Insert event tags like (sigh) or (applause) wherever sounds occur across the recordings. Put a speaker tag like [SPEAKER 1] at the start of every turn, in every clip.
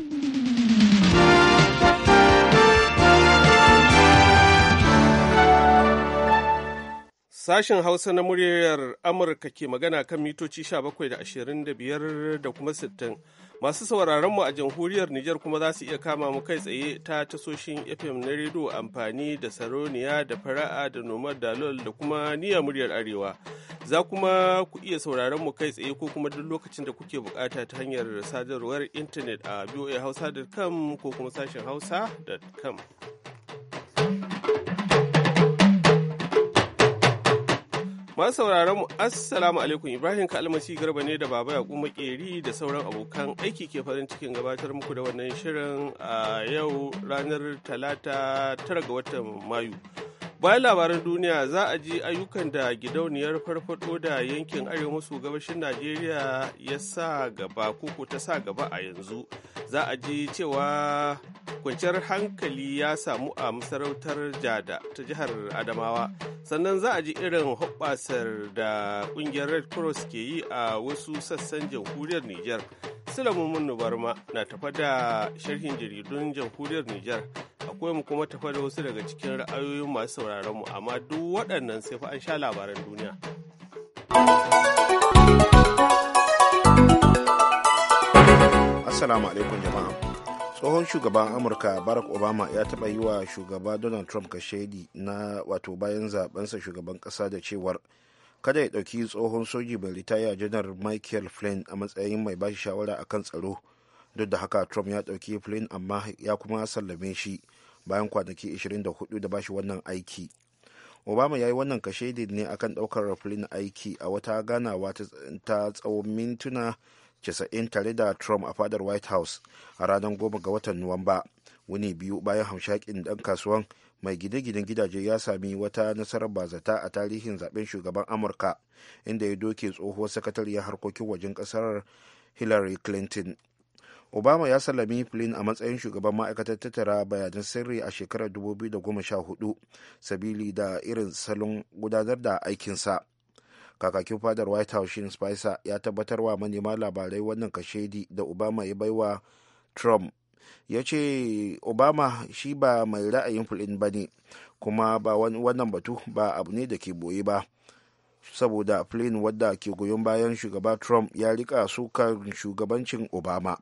[SPEAKER 1] Mm-hmm. (laughs) Sashen Hausa na muryar Amurka ke magana kan mitoci bakwai da ashirin da kuma 60. Masu sauraron mu a jamhuriyar Nijar kuma za su iya kama mu kai tsaye ta tasoshin FM na rediyo amfani da Saroniya da Fara'a da Nomad Dalol da kuma Niyya muryar Arewa. Za kuma ku iya sauraron mu kai tsaye ko kuma duk lokacin da kuke bukata ta hanyar sadarwar intanet a voahausa.com ko kuma sashen hausa.com. Masu sauraron mu Assalamu alaikum Ibrahim Kalmasi Garba ne da Baba Yaku Makeri da sauran abokan aiki ke farin cikin gabatar muku da wannan shirin a yau ranar Talata tara ga watan Mayu. Bayan labaran duniya za a ji ayyukan da gidauniyar farfado da yankin arewa maso gabashin Najeriya ya sa gaba koko ta sa gaba a yanzu. Za a ji cewa kwanciyar hankali ya samu a masarautar Jada ta jihar Adamawa sannan za a ji irin hoɓɓasar da ƙungiyar red cross ke yi a wasu sassan jamhuriyar niger silamun barma na tafa da sharhin jaridun jamhuriyar niger akwai mu kuma tafa da wasu daga cikin ra'ayoyin masu sauraron mu amma duk waɗannan sai fa an sha labaran duniya
[SPEAKER 2] assalamu alaikum jama'a tsohon shugaban amurka barack obama ya taɓa yi wa shugaba donald trump kashedi na wato bayan zabensa shugaban ƙasa da cewar kada ya ɗauki tsohon soji mai ritaya janar michael flynn a matsayin mai bashi shawara akan tsaro duk da haka trump ya ɗauki flynn amma ya kuma sallame shi bayan kwanaki 24 da bashi wannan aiki obama ya yi wannan kashedi ne akan ɗaukar flynn aiki a wata ganawa ta tsawon mintuna 90 tare da trump a fadar white house a ranar goma ga watan nuwamba wani biyu bayan hamshakin dan kasuwan mai gine-ginen gidaje ya sami wata nasarar bazata a tarihin zaben shugaban amurka inda ya doke tsohuwar sakatariyar harkokin wajen kasar hillary clinton obama ya sallami flynn a matsayin shugaban ma'aikatar tattara bayanan sirri a shekarar 2014 sabili da irin salon gudanar da aikinsa kakakin fadar white house shin spicer ya tabbatar wa manema labarai wannan kashedi da obama ya baiwa trump ya ce obama shi ba mai ra'ayin fulin ba ne kuma ba wannan batu ba abu ne da ke boye ba saboda flynn wadda ke goyon bayan shugaba trump ya rika sukan shugabancin obama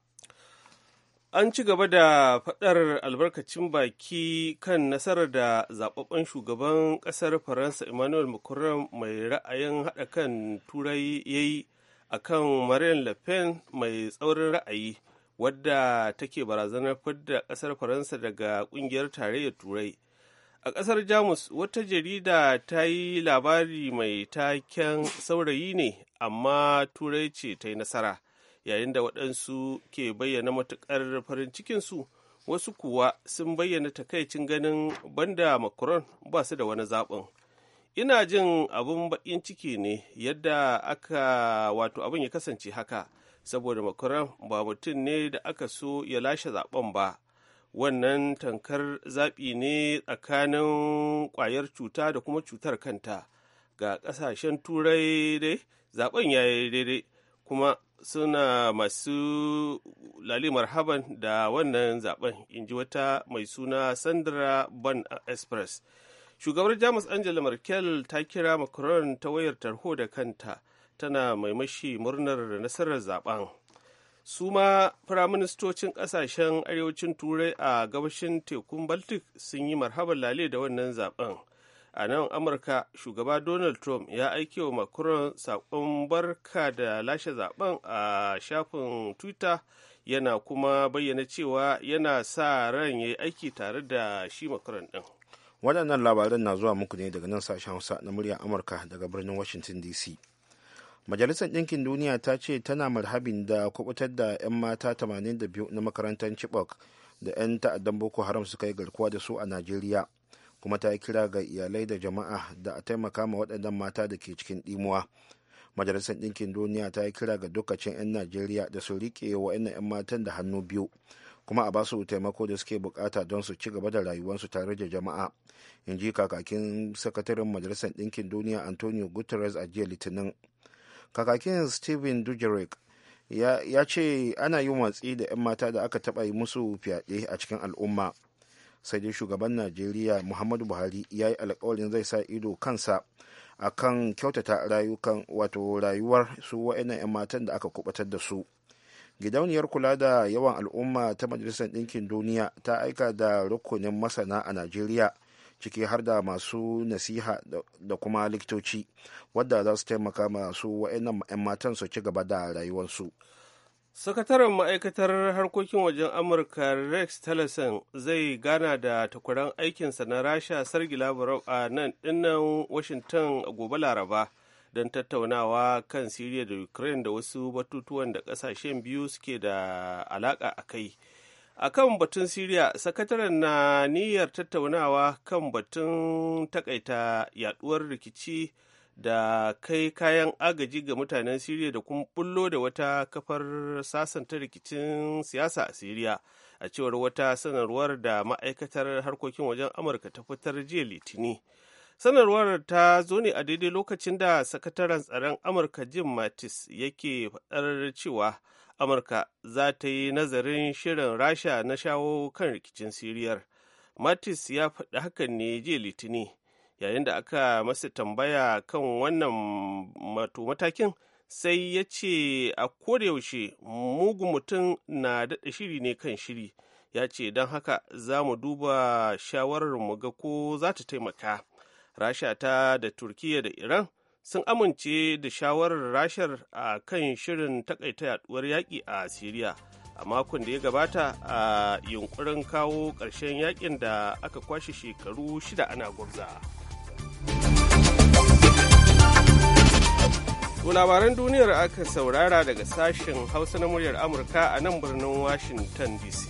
[SPEAKER 1] an ci gaba da faɗar albarkacin baki kan nasarar da zababben shugaban ƙasar faransa emmanuel macron mai ra'ayin haɗa kan turai ya yi a kan marine le pen mai tsaurin ra'ayi wadda take barazanar fidda ƙasar faransa daga ƙungiyar tarayyar turai a ƙasar jamus wata jarida ta yi labari mai taken saurayi ne amma turai ce ta yi nasara yayin da waɗansu ke bayyana matuƙar farin cikinsu wasu kuwa sun bayyana takaicin ganin banda macron ba su da wani zaɓin ina jin abin baƙin ciki ne yadda aka wato abin ya kasance haka saboda macron ba mutum ne da aka so ya lashe zaɓen ba wannan tankar zaɓi ne tsakanin ƙwayar cuta da kuma cutar kanta ga ƙasashen turai dai zaɓen ya yi daidai kuma suna masu lali marhaban da wannan zaben in ji wata mai suna sandra ban express shugabar jamus angela merkel ta kira macron ta wayar tarho da kanta tana mai mashi murnar nasarar zaben su ma firaministocin ƙasashen arewacin turai a gabashin tekun baltic sun yi marhaban lale da wannan zaben a nan amurka shugaba donald trump ya aike wa macron saƙon barka da lashe zaben a shafin twitter yana kuma bayyana cewa yana sa ran ya aiki tare da shi macron ɗin
[SPEAKER 2] waɗannan labaran na zuwa muku ne daga nan sashen hausa na muryar amurka daga birnin washington dc majalisar ɗinkin duniya ta ce tana marhabin da kubutar da 'yan mata 82 na makarantar chibok da 'yan ta'addan boko haram suka yi garkuwa da su a najeriya kuma ta yi kira ga iyalai da jama'a da a taimaka ma waɗannan mata da ke cikin ɗimuwa majalisar ɗinkin duniya ta yi kira ga dukkanin 'yan najeriya da su riƙe wa 'yan matan da hannu biyu kuma a basu taimako da suke bukata don su ci gaba da rayuwarsu tare da jama'a in ji kakakin sakataren majalisar ɗinkin duniya antonio guterres a jiya litinin kakakin steven dujerik ya, ce ana yi watsi da 'yan mata da aka taɓa yi musu fyaɗe a cikin al'umma sai dai shugaban najeriya muhammadu buhari ya yi alkawarin zai sa ido kansa a kan kyautata rayukan wato rayuwar su wa'annan 'yan matan da aka kubatar da su gidauniyar kula da yawan al'umma ta majalisar ɗinkin duniya ta aika da rukunin masana a najeriya ciki har da masu nasiha da kuma likitoci wadda za su taimaka masu wa'annan 'yan matan su ci gaba da rayuwarsu.
[SPEAKER 1] Sakataren ma'aikatar harkokin wajen Amurka Rex Tillerson zai gana da takwaran aikinsa na Rasha Sergei Lavrov a nan dinnan Washington a gobe Laraba don tattaunawa kan Siriya da Ukraine da wasu batutuwan da ƙasashen biyu suke da alaƙa a kai. A kan batun Siriya, sakataren na niyyar tattaunawa kan batun takaita yaduwar rikici da kai kayan agaji ga mutanen Siriya da kuma bullo da wata kafar sasanta rikicin siyasa a Siriya a cewar wata sanarwar da ma'aikatar harkokin wajen Amurka ta fitar jiya Litini. Sanarwar ta zo ne a daidai lokacin da sakataren tsaron Amurka Jim Mattis yake faɗar cewa Amurka za ta yi nazarin shirin Rasha na shawo kan rikicin Siriyar. Mattis ya faɗi hakan ne jiya Litini. yayin da aka masa tambaya kan wannan matakin sai ya ce a kodayaushe mugu mutum na daɗa shiri ne kan shiri ya ce don haka za mu duba shawarar mu ga ko za ta taimaka rasha ta da turkiya da iran sun amince da shawarar rashar a kan shirin takaita yaduwar yaƙi a siriya a makon da ya gabata a yunkurin kawo ƙarshen yakin da aka kwashe shekaru shida ana gwabza. To labaran duniyar aka saurara daga sashen Hausa na muryar Amurka a nan birnin Washington DC.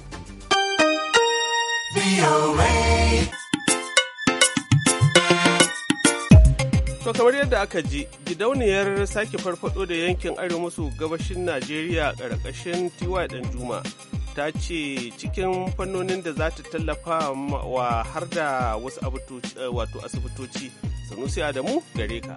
[SPEAKER 1] To kamar yadda aka ji, gidauniyar sake farfado da yankin arewa maso gabashin Najeriya ƙarƙashin TY Danjuma ta ce cikin fannonin da za ta tallafa wa har da wasu asibitoci. Sanusi Adamu gare ka.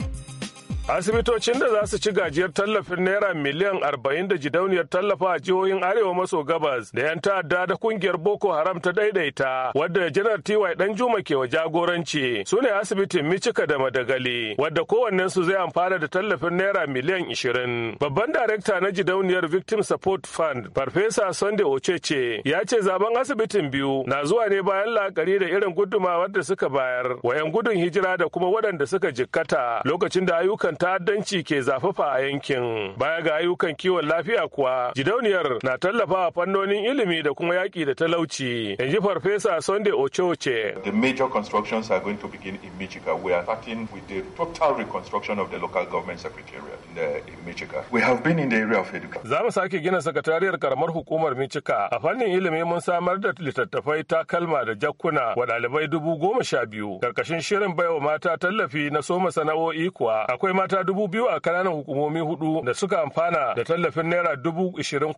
[SPEAKER 3] Asibitocin da za su ci gajiyar tallafin naira miliyan arba'in da jidauniyar tallafa a jihohin Arewa maso gabas da 'yan ta'adda da kungiyar Boko Haram ta daidaita wadda janar TY dan Juma ke wa jagoranci su ne asibitin Micika da Madagali wadda kowannen su zai amfana da tallafin naira miliyan ishirin. Babban darekta na jidauniyar Victim Support Fund Farfesa Sunday Ocece ya ce zaben asibitin biyu na zuwa ne bayan la'akari da irin gudumawar da suka bayar wa 'yan gudun hijira da kuma waɗanda suka jikkata lokacin da ayyukan ta'addanci ke zafafa a yankin. Baya ga ayyukan kiwon lafiya kuwa, gidauniyar na tallafawa fannonin ilimi da kuma yaƙi da talauci. In ji Farfesa Sunday Ochoche. The major constructions are going to begin in Michigan. We are starting with the total reconstruction of the local government secretariat in, the, in Michigan. We have been in the area of education. Za mu sake gina sakatariyar karamar hukumar Michika. A fannin ilimi mun samar da littattafai takalma da jakkuna wa ɗalibai dubu goma sha biyu. Karkashin shirin baiwa mata tallafi na soma sana'o'i kuwa akwai mata dubu biyu a kananan hukumomi hudu da suka amfana da tallafin naira dubu ishirin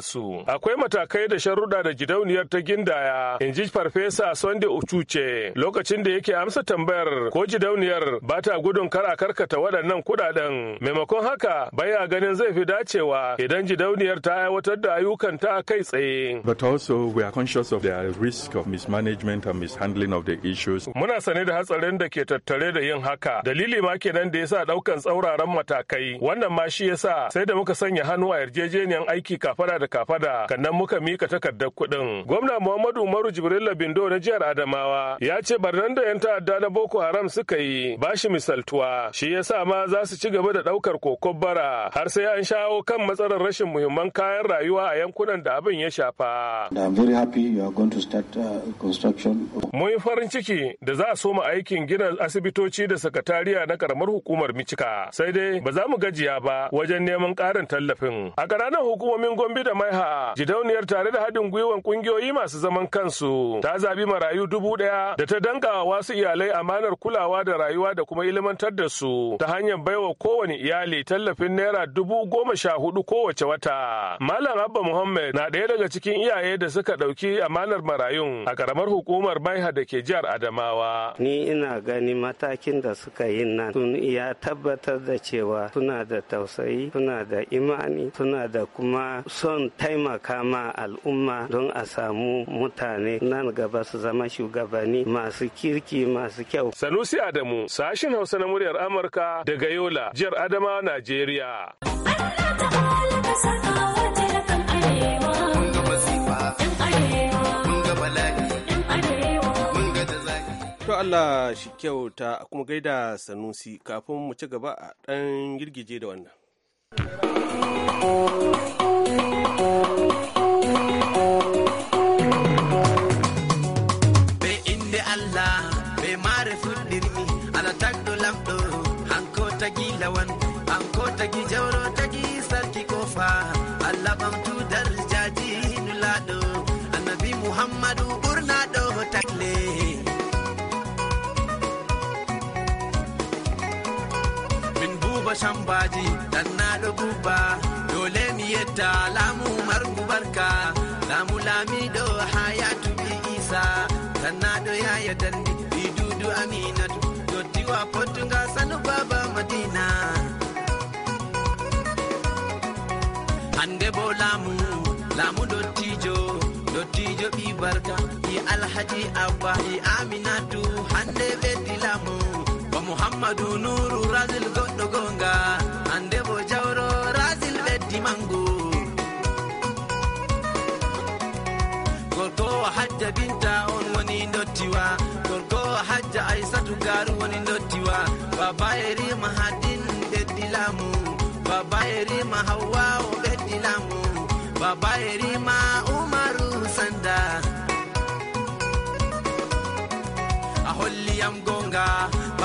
[SPEAKER 3] su. Akwai matakai da sharuɗa da gidauniyar ta gindaya, in ji Farfesa Sunday Uchuce lokacin da yake amsa tambayar ko gidauniyar ba ta gudun kar a karkata waɗannan kuɗaɗen. Maimakon haka baya ganin zai fi dacewa idan gidauniyar ta aiwatar da ayyukan ta kai tsaye. But also we are conscious of the risk of mismanagement and mishandling of the issues. Muna sane da hatsarin da ke tattare da yin haka. Dalili ma kenan da yasa ɗaukar ɗaukan tsauraran matakai wannan ma shi yasa sai da muka sanya hannu a yarjejeniyar aiki kafada da kafada kannan muka mika takardar kuɗin gwamna muhammadu umaru jibrilla bindo na jihar adamawa ya ce barnan da yan ta'adda na boko haram suka yi ba shi misaltuwa shi yasa ma za su ci gaba da ɗaukar kokon bara har sai an shawo kan matsalar rashin muhimman kayan rayuwa a yankunan da abin ya shafa. Uh, Mun yi farin ciki da za a soma aikin gina asibitoci da sakatariya na karamar hukumar Michigan. cika sai dai ba za mu gajiya ba wajen neman ƙarin tallafin a ƙananan hukumomin gombe da maiha jidauniyar tare da haɗin gwiwan ƙungiyoyi masu zaman kansu ta zaɓi marayu dubu ɗaya da ta wa wasu iyalai amanar kulawa da rayuwa da kuma ilimantar da su ta hanyar baiwa kowane iyali tallafin naira dubu goma sha hudu kowace wata malam abba muhammad na ɗaya daga cikin iyaye da suka ɗauki amanar marayun a karamar hukumar maiha da ke jihar adamawa
[SPEAKER 1] ni ina gani matakin da suka yi nan sun iya tabbata tabbatar da cewa suna da tausayi
[SPEAKER 4] suna da imani suna da kuma son taimaka ma al'umma don a samu mutane nan gaba su zama shugabanni masu kirki masu kyau
[SPEAKER 3] sanusi adamu sashin hausa na muryar amurka daga yola jihar adama najeriya
[SPEAKER 1] To Allah shi kyauta a kuma gaida Sanusi kafin mu ci gaba a ɗan girgije da wannan.
[SPEAKER 4] Be inda Allah be mare fudirmi ana tagdo lamɗo hanko ta gila wanda. bashan baji dan na duba dole mi yadda lamu margu barka lamu lami do tu bi isa dan na do ya yadda ni dudu aminatu dottiwa potunga sanu baba madina ande bolamu, lamu lamu dottijo dottijo bi barka i alhaji abba i aminatu hande be dilamu muhammadu nuru razil goɗɗo gonga hande bo jawro razil ɓeddi mangu gorkowo hajja binta on woni dottiwa gorkowo hajja aissatu garu woni dottiwa baba yerima hadin ɓeddi lamu baba yerima hawwa ɓeddi lamu baba umaru sanda a holliyam gonga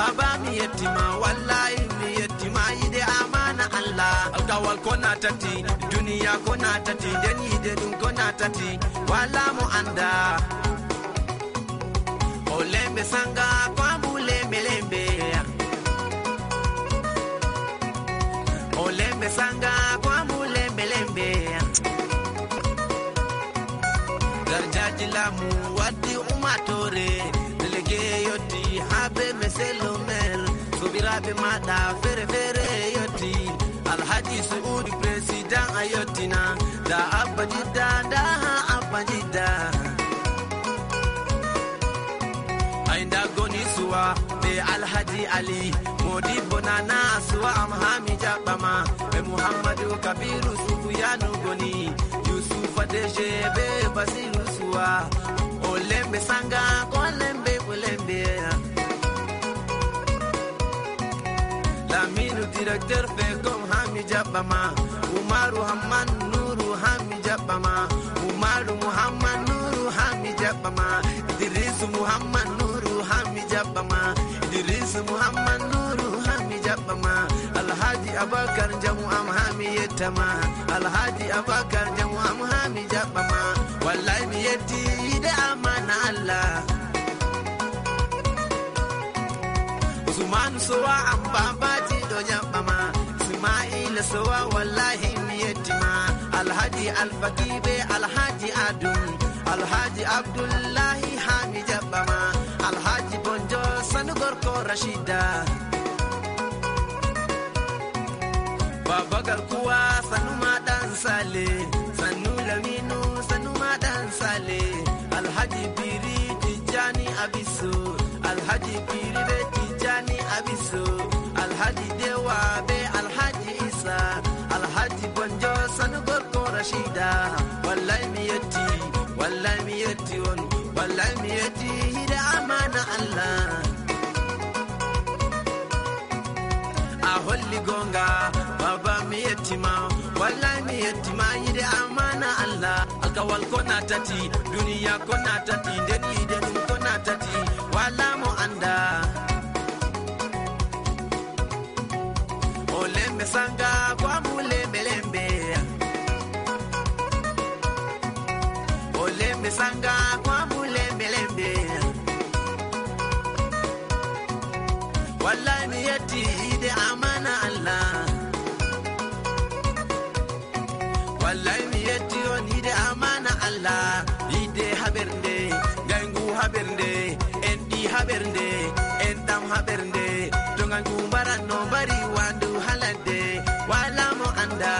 [SPEAKER 4] baba mi yettima wallahi mi yettima yide amana allah alkawal ko natati duniya ko natati nden yide ɗum ko natati wala mo anda o lembe sanga kambu lembe lembe o lembe sanga kambu lembe lembe darjaji lamu waddi umatore shaabi fere fere yoti, alhaji suudi president a yottina da abba jidda da abba jidda ainda goni suwa be alhaji ali modi bonana suwa amhami hami jaɓɓama be muhammadu kabiru sufuyanu goni Yusuf deje be basiru suwa Ole lembe sanga kole directeur fait comme Hamidja Bama. Umaru Hamman Nourou Hami Bama. Umaru Muhammad Nourou Hamidja Bama. Idriss Muhammad Nourou Hamidja Bama. Idriss Muhammad Nourou Hami Bama. Alhaji Abakar Jamu Am Hami Hamiyetama. Alhaji Abakar Jamu Am Hami Bama. Wallahi mi yetti da amana Allah. Usman Sowa Am Baba da sawa wallahi miyatima alhaji alfakibe alhaji adun alhaji abdullahi hami jabbama alhaji bonjo sanu gorko rashida baba garkuwa sanu ma dan sale sanu laminu sanu ma dan sale alhaji biri Tijani abiso alhaji biri Tijani abiso alhaji dewa rashida wallahi miyati wallahi miyati wani wallahi miyati da amana Allah a holli gonga baba miyati ma wallahi miyati ma da amana Allah alkawal ko na tati duniya ko na tati deni deni na tati wala mu anda ole mesanga kwa haɓernde en ɗam haɓernde to ngal ngu mbaran no mbari wandu halande wala mo anda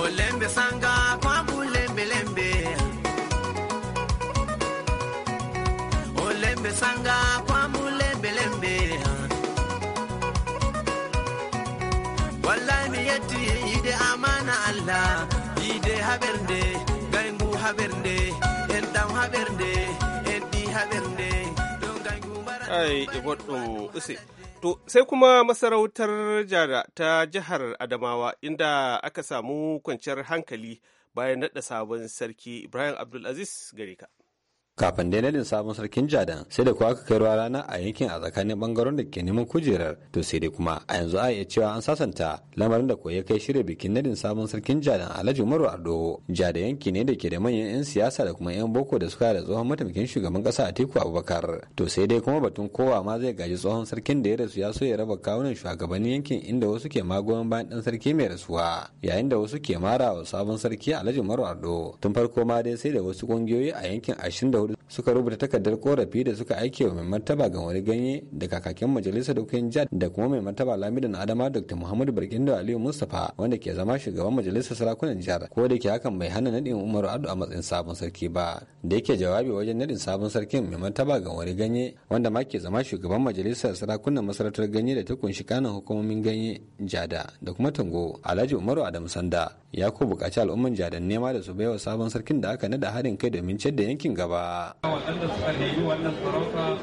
[SPEAKER 4] o lembe sanga pambu lembe lembe o lembe sanga pambu lembe lembe wallahi mi ide amana allah yiide haɓernde gaygu haɓernde
[SPEAKER 1] ai ibodun use to sai kuma masarautar jara ta jihar adamawa inda aka samu kwanciyar hankali bayan naɗa sabon sarki ibrahim abdulaziz gare ka
[SPEAKER 5] kafin dai nadin sabon sarkin jadan sai da kuwa aka kai ruwa rana a yankin a tsakanin bangaren da ke neman kujerar to sai dai kuma a yanzu a iya cewa an sasanta lamarin da koya kai shirya bikin nadin sabon sarkin jadan alhaji umaru ardo jada yanki ne da ke da manyan yan siyasa da kuma yan boko da suka da tsohon mataimakin shugaban kasa atiku abubakar to sai dai kuma batun kowa ma zai gaji tsohon sarkin da ya rasu ya so ya raba kawunan shugabannin yankin inda wasu ke magoyan bayan dan sarki mai rasuwa yayin da wasu ke mara wa sabon sarki alhaji umaru ardo tun farko ma dai sai da wasu kungiyoyi a yankin ashirin da to suka rubuta takardar korafi da suka aike wa mai martaba ga wani ganye da kakakin majalisar dokokin jihar da kuma mai martaba lamidan adama dr muhammadu barkindo aliyu mustapha wanda ke zama shugaban majalisar sarakunan jihar ko da ke hakan bai hana nadin umaru ado a matsayin sabon sarki ba da yake jawabi wajen nadin sabon sarkin mai martaba ga wani ganye wanda ma ke zama shugaban majalisar sarakunan masarautar ganye da ta kunshi kanan hukumomin ganye jada da kuma tango alhaji umaru adamu sanda ya ku bukaci al'umman jadan nema da su baiwa sabon sarkin da aka nada harin kai domin ciyar da yankin gaba
[SPEAKER 6] waɗanda suka nemi wannan sarauta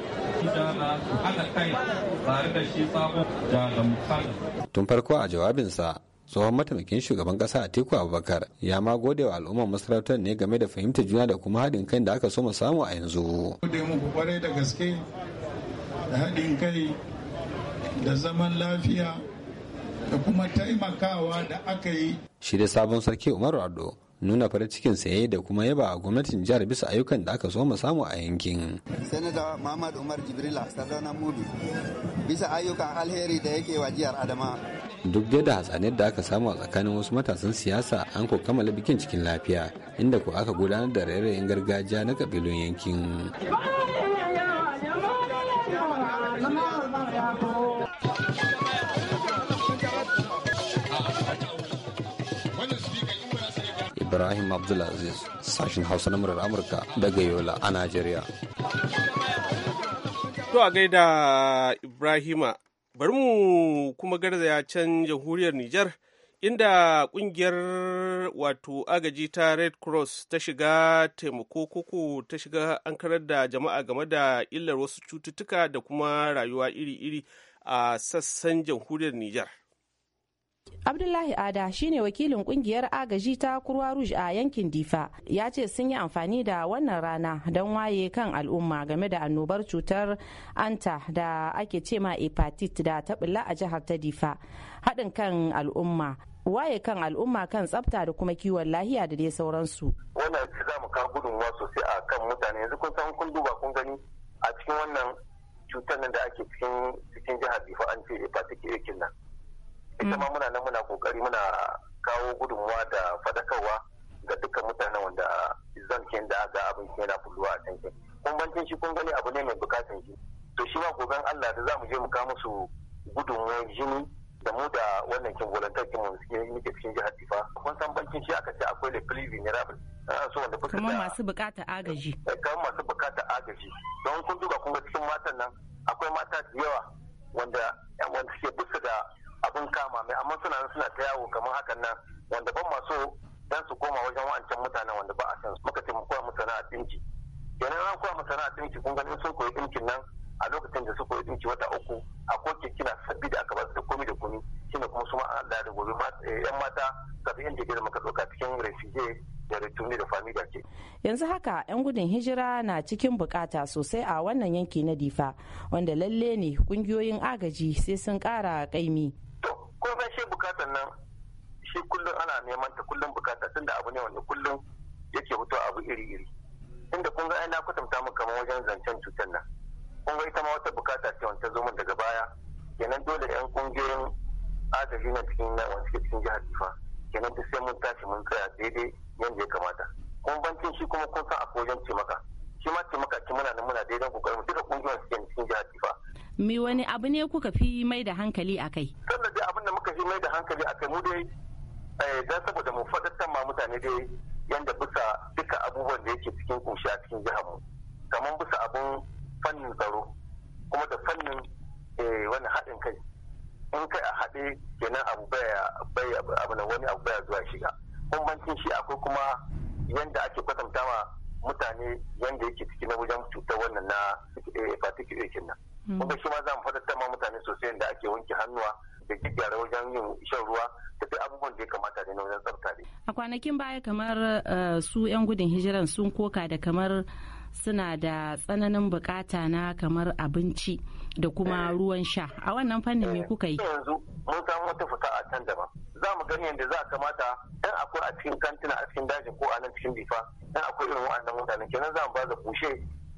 [SPEAKER 5] Tun farko a jawabinsa, tsohon mataimakin shugaban kasa teku Abubakar ya ma gode wa al'ummar masarautar ne game da fahimtar juna da kuma haɗin kai da aka so mu samu a yanzu.
[SPEAKER 1] Gode muku kwarai da gaske da haɗin kai da zaman lafiya da
[SPEAKER 4] kuma taimakawa da aka yi.
[SPEAKER 5] Shi da sabon sarki Umaru Ado nuna farin cikin saye da kuma yaba a gwamnatin jihar bisa ayyukan da aka so mu samu a yankin.
[SPEAKER 4] Senator Muhammad Umar Jibrila Sardana Mudu bisa ayyukan alheri da yake wa jihar Adama.
[SPEAKER 5] Duk dai da hatsaniyar da aka samu a tsakanin wasu matasan siyasa an ko kammala bikin cikin lafiya inda ko aka gudanar da rairayin gargajiya na kabilun yankin. Ibrahim Abdulaziz sashen Hausa na murar Amurka daga Yola a Najeriya.
[SPEAKER 1] To a gaida Ibrahima bari mu kuma garzaya can jamhuriyar Nijar inda kungiyar wato agaji ta Red Cross ta shiga taimako koko ta shiga an da jama'a game da illar wasu cututtuka da kuma rayuwa iri-iri a sassan jamhuriyar Nijar.
[SPEAKER 7] Abdullahi Ada shine wakilin kungiyar agaji ta Kurwa Rouge a yankin Difa ya ce sun yi amfani da wannan rana don waye kan al'umma game da annobar cutar anta da ake ce ma hepatitis da ta a jihar ta Difa. Haɗin kan al'umma waye kan al'umma kan tsafta da kuma kiwon lahiya da dai sauransu.
[SPEAKER 8] Wannan ce za mu kawo gudunmuwa sosai a kan mutane yanzu kun san kun duba kun gani a cikin wannan cutar nan da ake cikin jihar Difa an ce hepatitis A nan. ita mm. ma muna nan muna kokari muna kawo gudunmuwa da fadakarwa ga dukkan mutanen wanda zancen da ga abin ke na fulluwa a can kumbancin shi kun gani abu ne mai bukatun shi to shi ma goben Allah da zamu je mu kawo musu gudunmuwar jini da mu da wannan kin volunteer kin mu suke muke cikin jihar Tifa kun san bankin shi aka ce akwai le plus vulnerable so wanda kuka
[SPEAKER 7] kamar masu bukata agaji
[SPEAKER 8] eh, kamar masu bukata agaji don kun duba kun ga cikin matan nan akwai mata da yawa wanda wanda suke abin kama mai amma suna suna ta yawo kamar hakan nan wanda ban maso dan su koma wajen wancan mutanen wanda ba a san su muka ce mu koya musu sana'a dinki kenan an koya musu sana'a dinki kun ganin sun koyi dinkin nan a lokacin da su koyi dinki wata uku a koke kina sabbi da aka ba su da komi da komi shine kuma su ma an da gobe eh, yan mata sabbin da girma muka doka cikin refuge da retuni da famida
[SPEAKER 7] ce. Yanzu haka 'yan gudun hijira na cikin bukata sosai a wannan yanki na Difa, wanda lalle ne kungiyoyin agaji sai sun kara kaimi.
[SPEAKER 8] ko san shi bukatar nan shi kullum ana neman ta kullum bukata tunda abu ne wanda kullum yake fito abu iri iri inda kun ga ai na kwatanta muku kamar wajen zancen cutar nan kun ga ita ma wata bukata ce wanda zo min daga baya kenan dole yan kungiyoyin agaji na cikin nan wanda suke cikin jihar Tifa kenan duk sai mun tashi mun tsaya daidai yadda ya kamata kun bancin shi kuma kun san akwai wajen cimaka shi ma cimaka ki muna nan muna daidai kokarin duka kungiyoyin suke
[SPEAKER 7] cikin jihar Tifa me wani abu ne kuka fi mai da hankali a kai?
[SPEAKER 8] fi mai da hankali a kai mu dai eh, don saboda mu faɗaɗan ma mutane dai yanda bisa duka abubuwan da yake cikin kunshi a cikin jihar mu kamar bisa abun fannin tsaro kuma da fannin eh, wani haɗin kai in kai a haɗe kenan abu baya abu na wani abu baya zuwa shiga bambancin shi akwai kuma yanda ake kwatanta ma mutane yanda yake ciki na wajen cutar wannan na fatikiyoyin nan kuma hmm. shi ma za mu faɗaɗa ma mutane sosai yanda ake wanke hannuwa da gyara wajen yin shan ruwa da duk abubuwan da ya kamata ne na wajen tsafta ne.
[SPEAKER 7] A kwanakin baya kamar eh, su 'yan gudun hijiran sun koka da kamar suna da tsananin bukata na kamar abinci da kuma eh. ruwan sha a wannan fannin me eh. kuka yi yanzu mun samu
[SPEAKER 8] wata fita a can daban za mu gani yadda za a kamata dan akwai a cikin kantina a cikin dajin ko a nan cikin difa dan akwai irin wa'annan mutane kenan za mu ba da bushe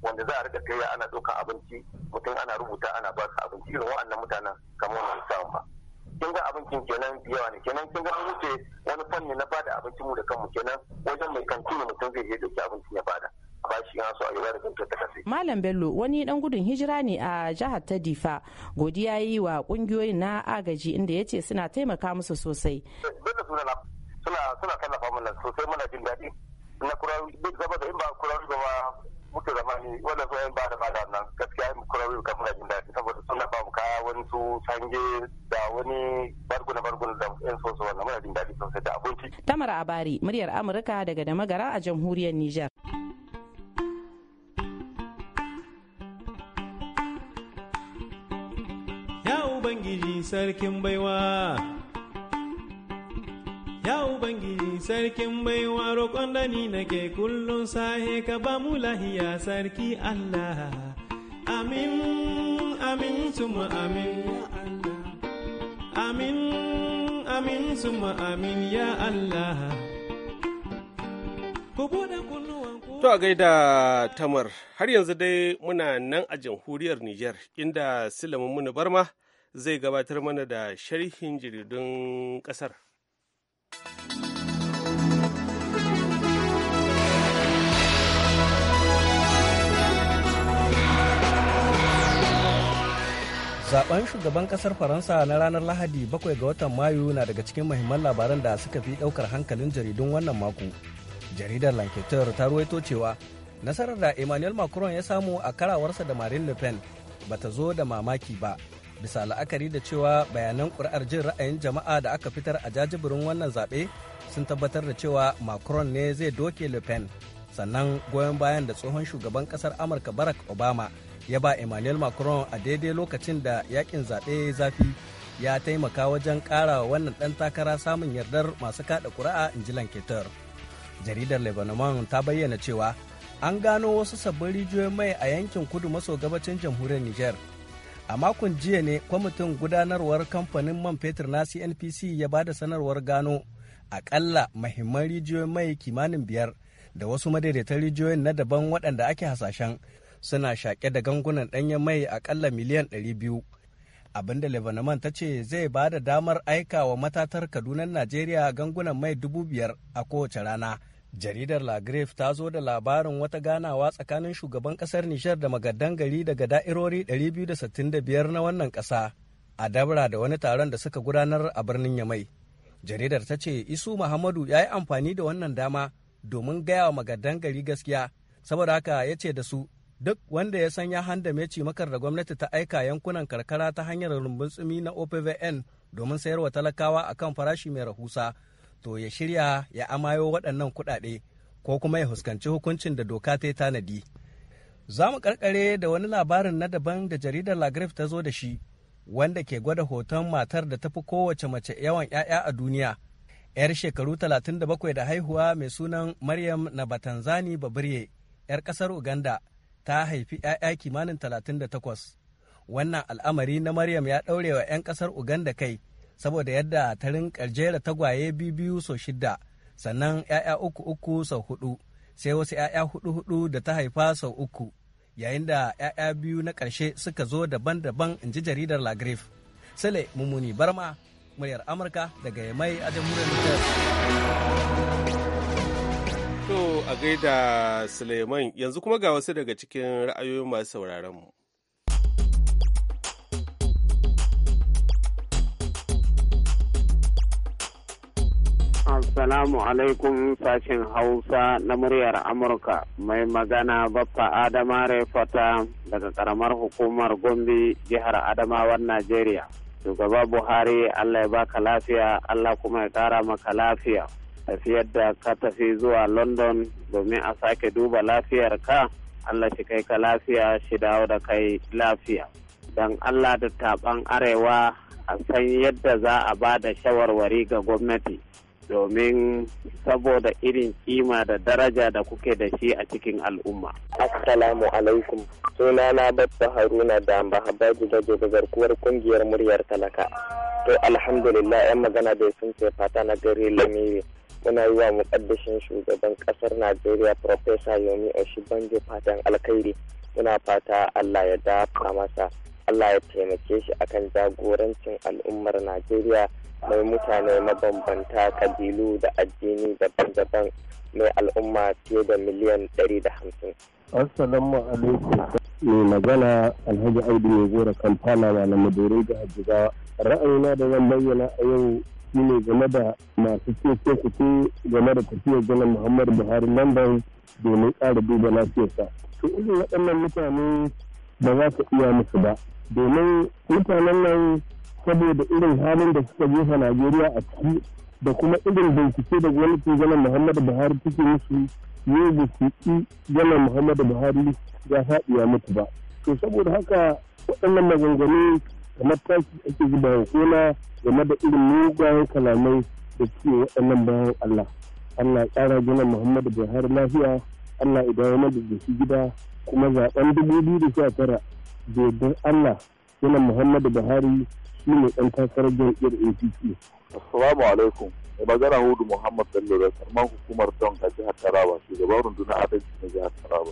[SPEAKER 8] wanda za a rika kai ana ɗaukar abinci mutum ana rubuta ana ba su abinci irin wa'annan mutanen kamar wani samu ba kin ga abincin kenan yawa ne kenan kin ga wuce wani fanni na bada abincin mu da kanmu kenan wajen mai kanti ne mutum zai je ke abincin ya bada ba shi ya so a yi wani ta
[SPEAKER 7] kasai. Malam Bello wani dan gudun hijira ne a jihar ta Difa godiya yi wa kungiyoyin na agaji inda ya ce suna taimaka musu sosai.
[SPEAKER 8] Bello suna suna suna tallafa mana sosai muna jin daɗi na kura duk gaba da in ba kurawi ba muke zamani wannan soyayyen ba da ba da nan gaskiya mu kura wuyu kamar jin daɗi saboda suna ba mu kaya wani su sange da wani barguna barguna da yan su wannan muna jin daɗi sosai da abinci.
[SPEAKER 7] Tamara Abari muryar Amurka daga Damagara a jamhuriyar Nijar. Ya Ubangiji sarkin baiwa.
[SPEAKER 4] Ya Ubangiji sarkin baiwa roƙon da nake kullum sahe ka ba mu lahiya sarki Allah. Amin, amin, suma amin, amin, amin, suma amin, ya Allah. Ku buɗe kunnuwanku.
[SPEAKER 1] To a gaida tamar, har yanzu dai muna nan a jamhuriyar Nijar, inda Sulaiman Muni Barma zai gabatar mana da sharhin jaridun ƙasar.
[SPEAKER 6] Zaben shugaban kasar Faransa na ranar Lahadi bakwai ga watan Mayu na daga cikin muhimman labaran da suka fi daukar hankalin jaridun wannan mako. Jaridar Lanketer ta ruwaito cewa nasarar da Emmanuel Macron ya samu a karawarsa da Marine Le Pen ta zo da mamaki ba. Bisa la'akari da cewa bayanan ƙuri'ar jin ra'ayin jama'a da aka fitar a jajibirin wannan zaɓe sun tabbatar da cewa Macron ne zai doke Le Pen. Sannan goyon bayan da tsohon shugaban ƙasar Amurka Barack Obama ya ba Emmanuel Macron a daidai lokacin da yakin zaɓe zafi ya taimaka wajen ƙara wannan ɗan takara samun yardar masu kaɗa ƙuri'a in ji Lanketer. Jaridar Lebanon ta bayyana cewa an gano wasu sabbin rijiyoyin mai a yankin kudu maso gabacin jamhuriyar niger A makon jiya ne kwamitin gudanarwar kamfanin man fetur na CNPC ya ba da sanarwar gano akalla mahimman rijiyoyin mai kimanin biyar da wasu madaidaitan rijiyoyin na daban waɗanda ake hasashen suna shaƙe da gangunan ɗanyen mai aƙalla miliyan 200 abinda Lebanon ta ce zai ba da damar aika wa matatar kadunan najeriya gangunan mai dubu biyar a kowace rana jaridar La Grave ta zo da labarin wata ganawa tsakanin shugaban ƙasar nishar da magadan gari daga da'irori 265 na wannan ƙasa a dabra da wani taron da suka gudanar a birnin yamai jaridar ta ce isu muhammadu ya yi amfani da wannan dama domin gaya wa magadan gari gaskiya saboda haka ya ce da su duk wanda ya san ya handame cimakar da gwamnati ta aika yankunan karkara ta hanyar rumbun tsumi na opvn domin sayarwa talakawa a kan farashi mai rahusa to ya shirya ya amayo waɗannan kuɗaɗe ko kuma ya huskanci hukuncin da doka ta yi tanadi za mu karkare da wani labarin na daban da jaridar lagrif ta zo da shi wanda ke gwada hoton matar da tafi kowace mace yawan 'ya'ya a duniya 'yar shekaru 37 da haihuwa mai sunan maryam na batanzani babirye 'yar ƙasar uganda ta haifi 'ya'ya kimanin 38 wannan al'amari na maryam ya ɗaure wa 'yan ƙasar uganda kai saboda yadda ta rinka jera tagwaye biyu sau shida sannan 'ya'ya uku uku sau hudu sai wasu 'ya'ya hudu hudu da ta haifa sau uku yayin da 'ya'ya biyu na ƙarshe suka zo daban-daban in ji jaridar lagrif sale mummuni barma muryar amurka daga yamai a jamhuriyar a
[SPEAKER 1] gaida Suleiman yanzu kuma ga wasu daga cikin ra'ayoyin masu sauraron mu.
[SPEAKER 8] Assalamu alaikum sashen Hausa na muryar Amurka mai magana Baffa Adama Refata daga karamar hukumar Gombe jihar Adamawan Najeriya. Shugaba Buhari Allah ya baka lafiya, Allah kuma ya kara maka lafiya. tafiyar da ka tafi zuwa london domin a sake duba lafiyar ka allah shi kai ka lafiya shi dawo da kai lafiya don allah da taɓan arewa a san yadda za a ba da shawarwari ga gwamnati domin saboda irin kima da daraja da kuke da shi a cikin al'umma. Assalamu alaikum. Suna na Babba Haruna da Mahabaji Gaje da garkuwar kungiyar muryar talaka. To alhamdulillah 'yan magana da sun ce fata na gari Lamiri. muna yi wa mukaddashin shugaban kasar najeriya profesa yomi oshibanjo fatan alkhairi muna fata allah ya dafa masa allah ya taimake shi a kan jagorancin al'ummar najeriya mai mutane mabambanta kabilu da addini daban-daban mai al'umma fiye da miliyan 150
[SPEAKER 9] assalamu alaikum mai magana alhaji audu mai gora kampala na madorin jihar jigawa ra'ayina da zan bayyana a yau ne game da masu ce kuce game da tafiyar janar muhammadu buhari london domin ƙara duba lafiyarsa to irin waɗannan mutane ba za su iya musu ba domin mutanen nan saboda irin halin da suka jefa najeriya a ciki da kuma irin bincike da gwamnatin janar muhammadu buhari take musu ne da su janar muhammadu buhari ya faɗi ya mutu ba to saboda haka waɗannan maganganu kamar taki ake zuba wa gona game da irin mugayen kalamai da ke waɗannan bayan Allah. Allah ƙara gina Muhammadu Buhari lafiya, Allah idan ya mada da shi gida kuma zaɓen dubu biyu da sha tara da Allah gina Muhammadu Buhari shi ne ɗan takarar jam'iyyar APC.
[SPEAKER 8] Assalamu alaikum. magana hudu Muhammad Bello da sarman hukumar don a jihar Taraba, shugaban rundunar adalci na jihar Taraba.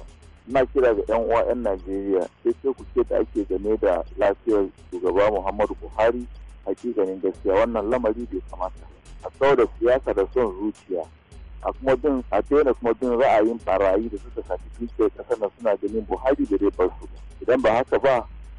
[SPEAKER 8] Ina kira ga 'yan uwa 'yan najeriya sai sai ku ce da ake game da lafiyar shugaba muhammadu buhari hakikanin gaskiya wannan lamari bai kamata a sau siyasa da son zuciya a kuma bin a daina kuma bin ra'ayin barayi da suka shafi dukiyar kasar nan suna ganin buhari da zai bar su idan ba haka ba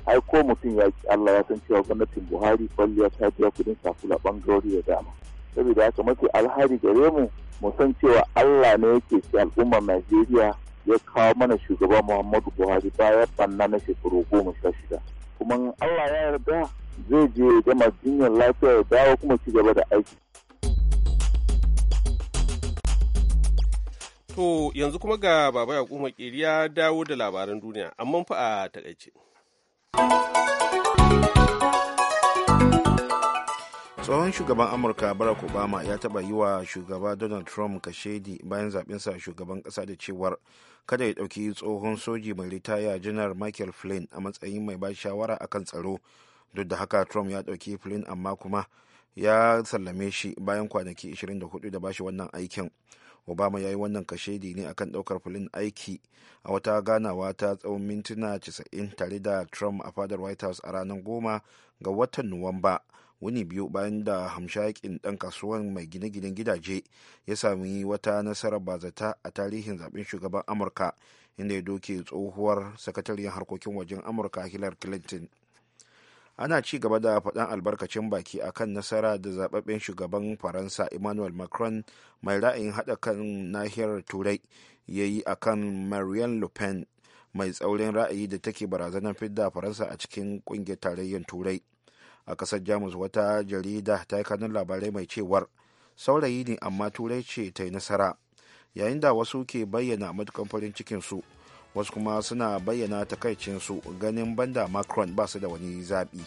[SPEAKER 8] ai ko mutum ya ki allah ya san cewa gwamnatin buhari kwalliya ta biya kudin safula bangarori da dama saboda haka mafi alhari gare mu mu san cewa allah ne yake ci al'ummar najeriya ya kawo mana shugaba muhammadu buhari bayan banna na shekaru goma sha shida kuma
[SPEAKER 9] allah ya yarda
[SPEAKER 8] zai je ya gama jinyar lafiya ya dawo kuma ci gaba da
[SPEAKER 9] aiki
[SPEAKER 1] To yanzu kuma ga Baba ya Makeri ya dawo da labaran duniya, amma fa a takaice.
[SPEAKER 2] tsohon shugaban amurka barack obama ya taba yi wa shugaba donald trump kashedi bayan sa shugaban ƙasa da cewar kada ya ɗauki tsohon soji mai ritaya janar michael flynn a matsayin mai ba shawara akan tsaro duk da haka trump ya ɗauki flynn amma kuma ya sallame shi bayan kwanaki 24 da bashi wannan aikin obama ya yi wannan kashedi ne akan ɗaukar flynn aiki a wata ganawa ta tsawon mintuna 90 tare da trump a fadar white house a ranar 10 ga watan nuwamba wuni biyu bayan da hamshakin dan kasuwan mai gine-ginen gidaje ya sami wata nasarar bazata a tarihin zaben shugaban amurka inda ya doke tsohuwar sakatariyar harkokin wajen amurka hillary clinton ana ci gaba da faɗan albarkacin baki akan nasara da zababben shugaban faransa emmanuel macron mai ra'ayin haɗa kan nahiyar turai ya yi akan marianne le pen mai tsaurin ra'ayi da take barazanar fidda faransa a cikin ƙungiyar tarayyar turai a ƙasar jamus wata jarida ta yi kanun labarai mai cewar saurayi ne amma turai ce ta yi nasara yayin da wasu ke bayyana matukan farin cikinsu wasu kuma suna bayyana takaicinsu ganin banda macron ba su da wani zaɓi.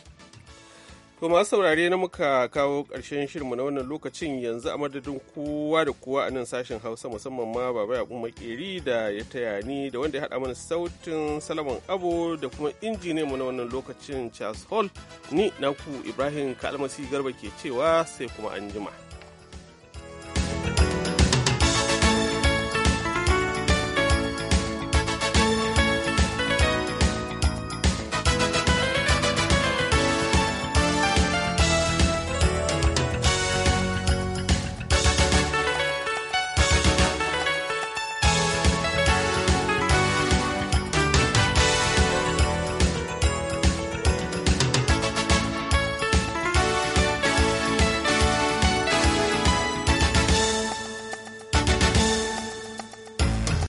[SPEAKER 1] To masu saurare na muka kawo ƙarshen shirinmu na wannan lokacin yanzu a madadin kowa da kowa a nan sashen Hausa musamman ma Baba Yakubu Makeri da ya taya ni da wanda ya haɗa mana sautin Salaman Abo da kuma injiniyan mu na wannan lokacin Charles Hall ni naku Ibrahim Kalmasi Garba ke cewa sai kuma anjima.